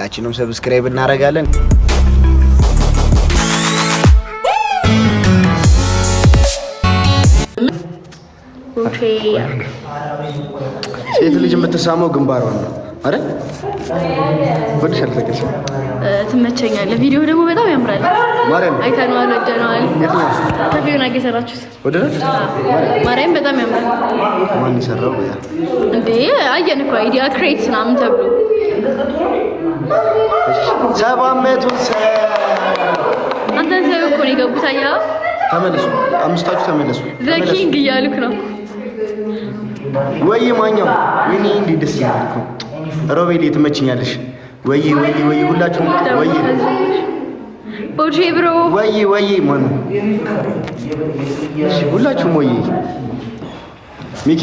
ሁላችንም ሰብስክራይብ እናደርጋለን። ሴት ልጅ የምትሳመው ግንባሯ ነው አይደል? ወድሽ አልፈቀሽ ትመቸኛለህ። ቪዲዮ ደግሞ በጣም ያምራል። ማርያም አይተነዋል፣ ወደነዋል። ከፊዮና ጋር የሰራችሁት ወደደች። ማርያም በጣም ያምራል። ማን ይሰራው እንዴ? አየን እኮ አይዲያ ክሬት ምናምን ተብሎ ሰባ መቶ አንተ ዘብ እኮ ነው የገቡት። አየኸው? ተመለሱ፣ አምስታችሁ ተመለሱ። ዘኪንግ እያልኩ ነው ወይ ማኛው? ወይኔ እንዴት ደስ ይላል ሮቤል፣ ትመችኛለሽ። ወይ ወይ ወይ ሁላችሁም ወይ ኦጂ ብሮ ወይ ወይ ማኑ ሁላችሁም ወይ ሚኪ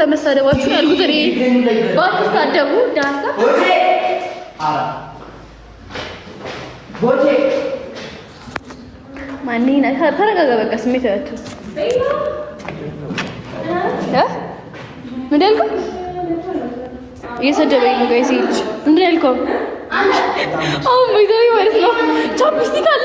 እናንተ መሳደባችሁ ያልኩት እኔ ባትሳደቡ ዳሳ ማንኛ ተረጋጋ። በቃ ስሜት ያቸው ምንድን ያልከው? እየሰደበኝ ነው ጋይስ። ይልች ምንድን ያልከው? አሁን ማለት ነው ቻፕስቲክ አለ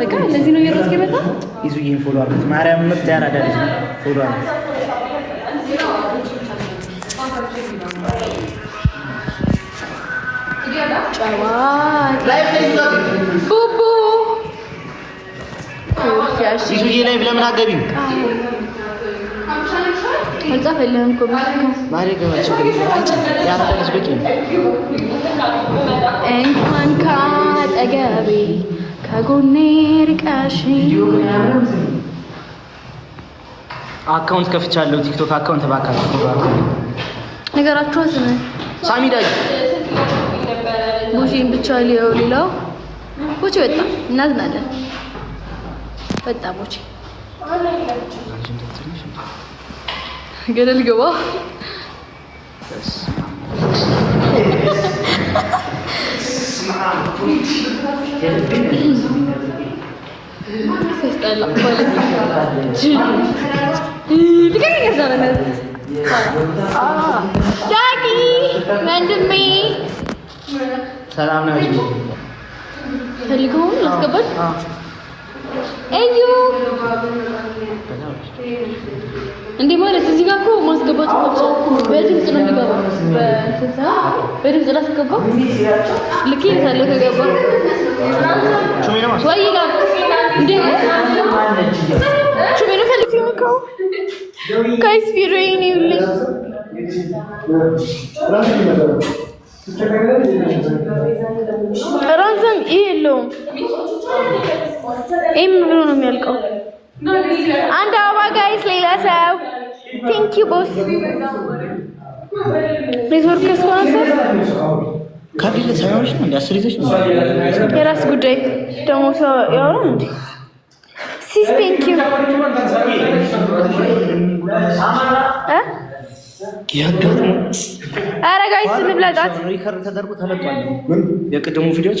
በቃ እንደዚህ ነው እየሮጥክ የመጣ ይዙዬን ፎሎ አርጉት። ማርያም ምርጥ ያራዳ ልጅ ፎሎ አርጉት። ይዙዬ ላይ ለምን አገቢው አልጻፈልህም እኮ እንኳን ካጠገቤ ከጎኔ ርቀሽ አካውንት ከፍቻለሁ። ቲክቶክ አካውንት ባካችሁ ነገራችሁ አዝነ ሳሚ ዳጅ ጉጂን ብቻ ሊያው ሌላው ጉጂ በጣም እናዝናለን። በጣም ጉጂ ገደል ገባ Sesler böyle bir kere geçer ben. Daddy, when did me? Selamünaleyküm. Hadi go, let's go. እንዴ ማለት እዚህ ጋር እኮ ማስገባት በድምፅ ነው የሚገባው። በድምፅ ላስገባው ልክ ይላል ከገባ ቹሜ ነው ፈልግ ይመካው ጋይስ ቪዲዮ ራንዘም ይሄ የለውም። ይሄ ምን ብሎ ነው የሚያልቀው? አንድ አበባ ጋይስ፣ ሌላ ሰው ቴንክ ዩ ቦስ። ኔትወርክ ስፖንሰር ካቢለ ሰራዎች ነው እንዴ? አስሪቶች ነው የራስ ጉዳይ ደግሞ ሰው ያወራል እንዴ? ሲስ ቴንክ ዩ እ ያጋጥሙ ሪከርድ ተደርጎ ተለቋል የቅድሙ ቪዲዮች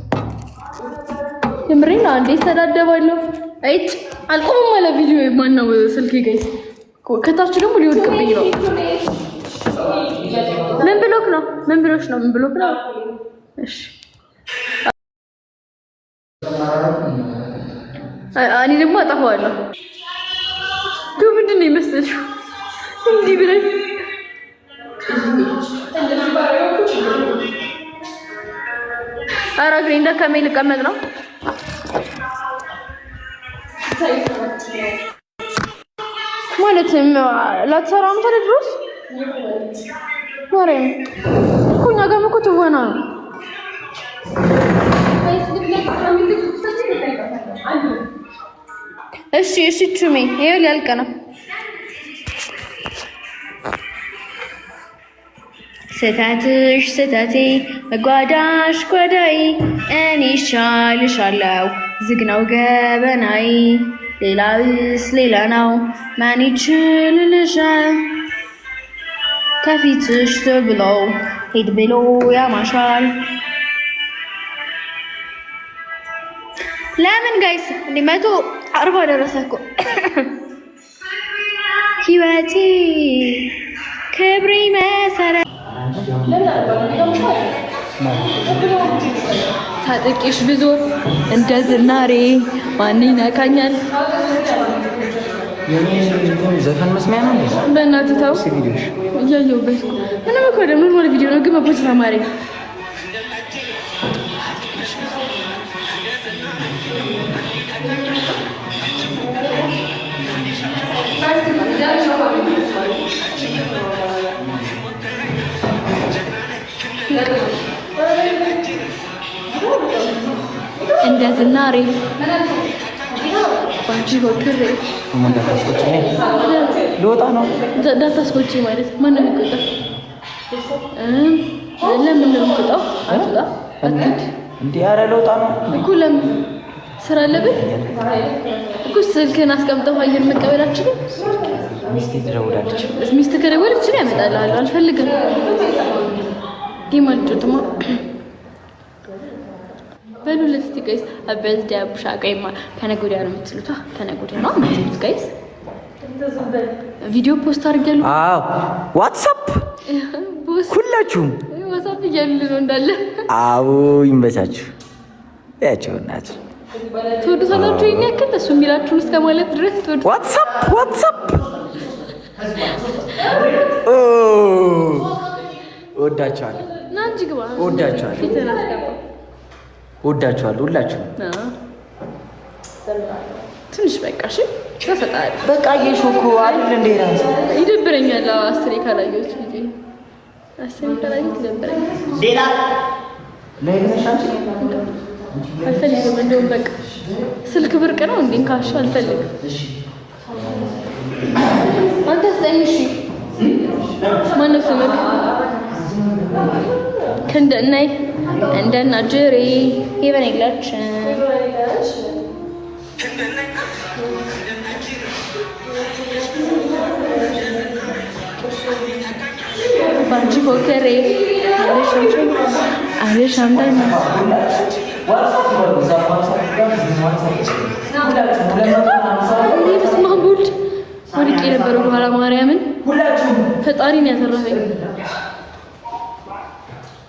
የምሬ ነው። አንዴ ተዳደባለሁ። አይት አልቆምም አለ ቪዲዮ ማነው ስልክ ይገኝ ከታች ደግሞ ሊወድቅብኝ ነው። ምን ብሎክ ነው? ምን ብሎክ ነው? ምን ብሎክ ነው? እሺ እኔ ደግሞ አጠፋዋለሁ። ግን ምንድን ነው የመሰልሽው እንዲህ ብለሽ አራግሬ እንደ ከመይ ልቀመጥ ነው። ማለት ላትሰራም ተደድሮስ ወሬም እኮ እኛ ጋርም እኮ ትወና ነው። እሺ እሺ ቹሜ ሊያልቅ ነው። እኔ ይሻልሻለሁ ዝግናው ገበናይ ሌላስ ሌላ ነው ማን ይችልልሻል ከፊትሽ ተብለው ሄድ ብሎ ያማሻል። ለምን ጋይስ እንደ መቶ አርባ ደረሰ እኮ ህይወቴ ክብሬ መሰረት ታጥቂሽ ብዙር እንደ ዝናሬ ማን ይነካኛል? ዘፈን መስሚያ ነው። በእናትህ ተው፣ እያየሁበት ምንም እኮ ደግሞ ኖርማል ቪዲዮ ነው ግን መፖስት አማርኛ Yazınare ባንቺ ልወጣ ነው። እንዳታስቆጪ ማለት ማንም ይቆጣ። ለምን ነው የምትወጣው? አትወጣ አትድ እንዴ! ኧረ ልወጣ ነው እኮ። ለምን ስራ አለብን እኮ። ስልክህን አስቀምጠው አየር መቀበል አችልም። ሚስቴ ትደውላለች። ሚስት ከደወለች ያመጣልሃል። አልፈልግም ዲማጭ በሉ ለስቲ ጋይስ አበዝ ዳብሻ ጋይማ ከነገ ወዲያ ነው የምትሉት። ከነገ ነው የምትሉት ጋይስ። ቪዲዮ ፖስት አድርጊያለሁ። አዎ ዋትሳፕ ሁላችሁም ዋትሳፕ እያሉ ነው እንዳለ። አዎ ይመቻችሁ። ያቸው እናት ትወዱታላችሁ። ይሄን ያክል እሱ የሚላችሁን እስከ ማለት ድረስ ትወዱ። ዋትሳፕ ዋትሳፕ ኦ ወዳቻለሁ። ናንጂ ግባ ወዳቻለሁ። እወዳችኋለሁ ሁላችሁም። ትንሽ በቃ እሺ፣ ተፈጣሪ በቃ የሾኩ አይደል እንዴ? ራስ ይደብረኛል። አስሬ ካላየሁት ጊዜ አስሬ ካላየሁት ይደብረኛል። ሌላ አልፈልግም። እንደውም በቃ ስልክ ብርቅ ነው እንዴ? ካሽ አልፈልግም። አንተ ስጠኝ። እሺ ማነው ስምህ? ክንደእናይ እንደና ጅሪ ይበን ይግላችን ባንቺ ወድቄ የነበረ በኋላ ማርያምን ፈጣሪን ያተረፈኝ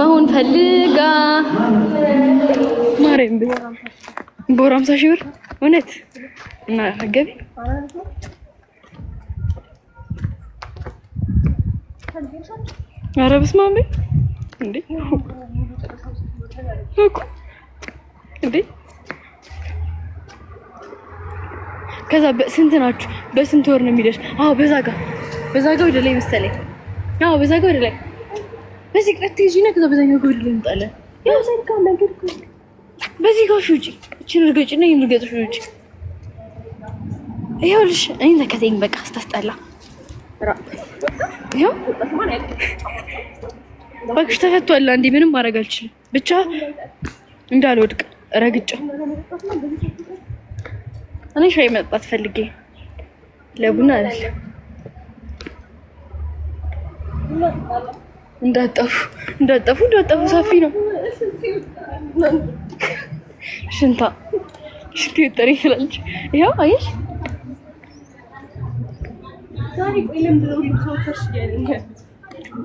መሆን ፈልጋ ማርያም ብ ቦር ሃምሳ ሺህ ብር እውነት እና ገቢ ኧረ በስመ አብ እንዴ እኮ እንዴ ከዛ ስንት ናችሁ? በስንት ወር ነው የሚደርስ? አዎ በዛ ጋር በዛ ጋር ወደ ላይ መሰለኝ። አዎ በዛ ጋር ወደ ላይ በዚህ ቀጥ ይዤ ነው። ከዛ በዛኛው ጎድ ልንጣለ ያው ዘርካ ነገር በዚህ ጋር ሹጪ እቺን እርገጭ ነው ይምርገጥ ሹጪ ይኸውልሽ፣ እኔ ተከተኝ። በቃ ስታስጠላ ይኸው እባክሽ ተፈቷል። አንዴ ምንም ማድረግ አልችልም። ብቻ እንዳልወድቅ ረግጫ እኔ ሻይ መጣት ፈልጌ ለቡና አይደለም እንዳጠፉ እንዳጠፉ እንዳጠፉ ሰፊ ነው። ሽንታ ሽንት ይጠሪ ይችላልች። ይኸው አየሽ፣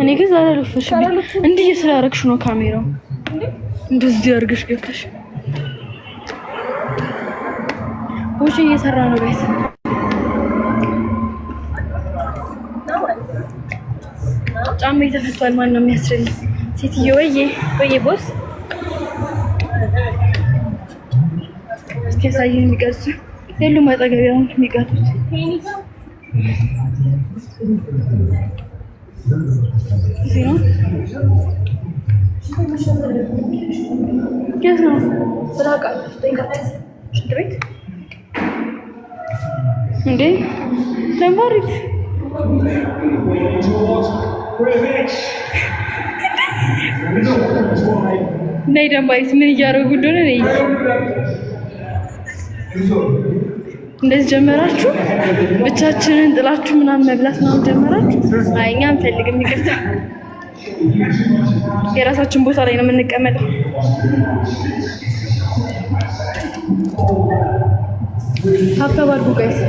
እኔ ግን ዛሬ ልፈሽ እንዲህ ስላደረግሽ ነው ካሜራው እንደዚህ አድርገሽ ገብተሽ ውጭ እየሰራ ነው ቤት ጫማ የተፈቷል። ማን ነው የሚያስርልኝ? ሴትዮ ወይዬ ወይዬ፣ ቦስ እስኪ የሚቀርጹ የሉም አጠገቢያውን የሚቀርጹት የት ነው ስራቃ ሽንት እንዴ ለማሪት ነይ ደግሞ አይስ ምን እያደረጉ እንደሆነ ነይ። እንደዚህ ጀመራችሁ? ብቻችንን ጥላችሁ ምናምን መብላት ምናምን ጀመራችሁ? አይ እኛ አንፈልግም፣ ይቅርታ የራሳችን ቦታ ላይ ነው የምንቀመጠው። ታብታብ አድርጉ ጋይስ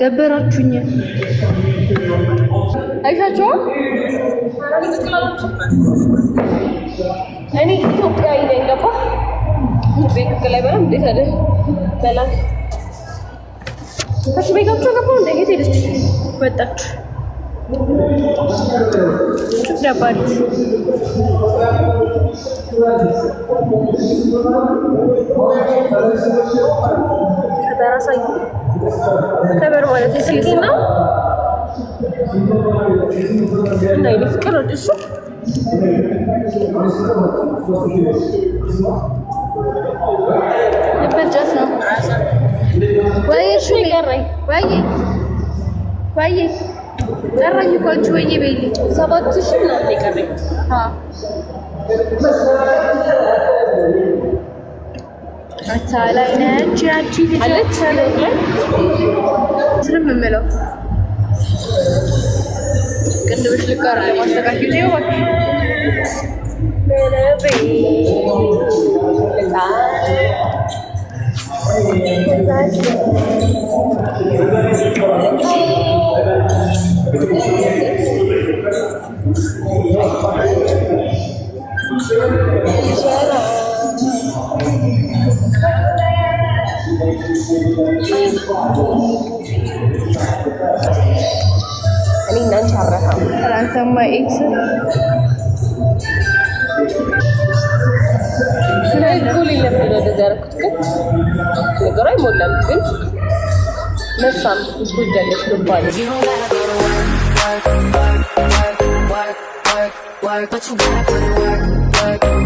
ደበራችሁኝ። አይሻቸዋ እኔ ኢትዮጵያዊ ነኝ። ገባ ቤት ላይ በላ እንዴት አለ በላ ከሱ ቤታቸው ገባ እንደ ጌት ሄደች ወጣች። ደባሪ በራሳ ከበር ማለት ስልኬ ነው እና የኔ ፍቅር እሱ ልበጨት ነው ወይ እሱ ይቀረኝ ወይ ወይ ቀረኝ እኮ አንቺ ወይ በይልኝ ሰባት ሺህ ምናምን የቀረኝ ሳላይ ነች ያቺ ልጅ አለች ስልም የምለው ቅንድብሽ ልቀራ ማስተካከል ይወቅ Thank እኔ እናንቺ አረፋም ራሰማ ኤክስ ጎል የለም ወደዚ ያደረኩት ግን ነገሩ አይሞላም ግን ነሳም ትጎጃለች ልባለ